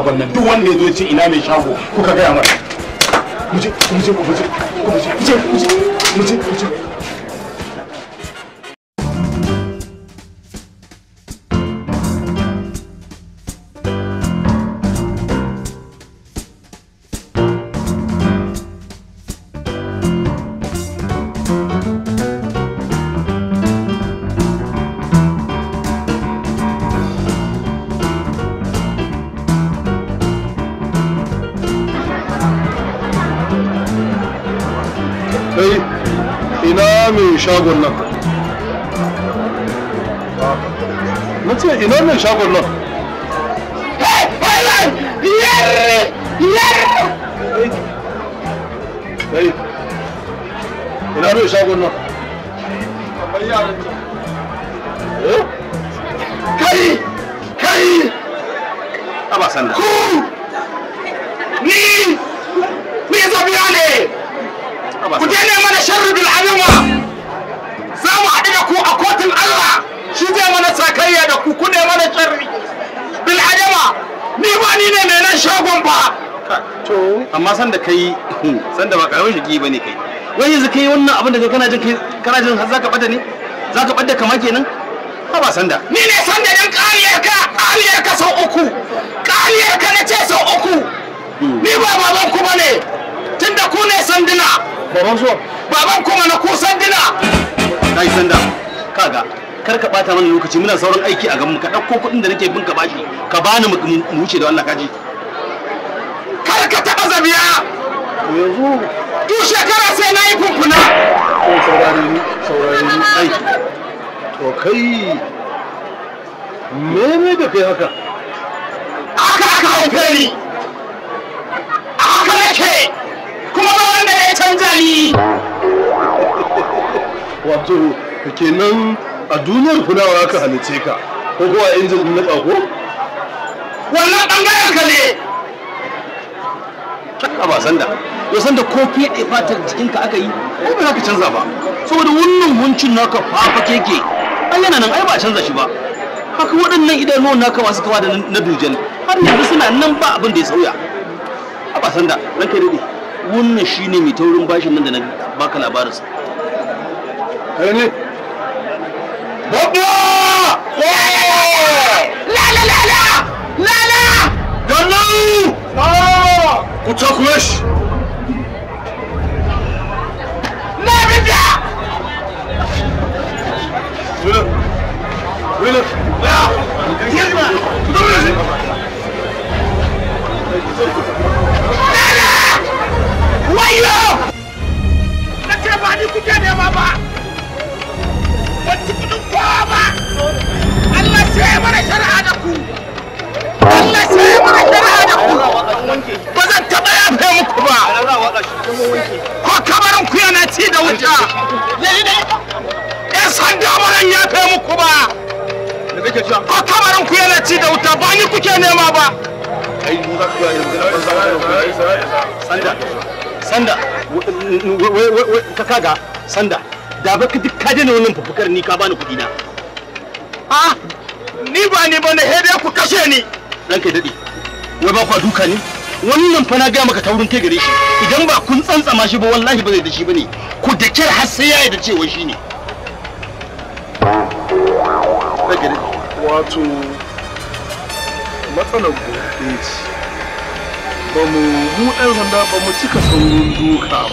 shagon nan duk wanda ya zo ce ina mai shago kuka gaya mata muje muje muje muje muje muje mu je shagon nan na ce ina ne shagon nan ina ne shagon nan amma san da kai [LAUGHS] san da ba karamin shigi ne kai wai yanzu kai wannan abin da kai kana jin kana jin har zaka bada ne zaka bada kamar kenan ha ba sanda ni ne sanda dan kariyar ka kariyar ka sau uku kariyar ka na ce sau uku hmm. ni ba baban ku bane tunda ku ne sanduna baban so baban ku mana ku sanduna kai sanda kaga kar ka bata mana lokaci muna sauran aiki a gaban ka dauko kuɗin da nake bin ka bashi ka bani mu wuce da wannan kaji ka biya duk shekara sai na yi kunkuna saurari to kai mene da kai haka aka aka aka kuma ba wanda ya canza ni [LAUGHS] wato kenan a duniyar fulawa aka halice ka ko kuwa injin na ko wannan bangaren ka ne shakka ba sanda ya sanda ko fiye fatar jikinka aka yi ko ba za ka canza ba saboda wannan huncin naka fafa keke an yana nan ai ba canza shi ba haka waɗannan idanuwan naka masu kawa da na dujan har yanzu suna nan ba abin da ya sauya a ba sanda ka daɗe wannan shine mai taurin bashin nan da na baka labarinsa kai ne la la la la la la la la Kutakmış! Nerede? Buyurun. Buyurun. Ya! Girme! Tutamıyorsun! Nerede? Na ce ba ni kuke nema ba! Ban ci kudin Allah sai mana shari'a da ku! Allah sai mana shari'a! ba zan taɓa yafe muku ba ko kamar ku yana ci da wuta yan san ba zan yafe muku ba ko kamarin ku yana ci da wuta ba ni kuke nema ba sanda ka kaga sanda da baka duk ka daina wannan fufukar ni ka bani kuɗi na a ni ba ni bane he dai ku kashe ni ranka daɗe wai ba ku duka ne wannan fa na gaya maka taurin ta gare shi idan ba kun tsantsama shi ba wallahi ba zai da shi bane ku da kyar har sai ya da cewa shi ne wato matsalar gobe ba mu mu ɗan sanda ba mu cika sauran duka ba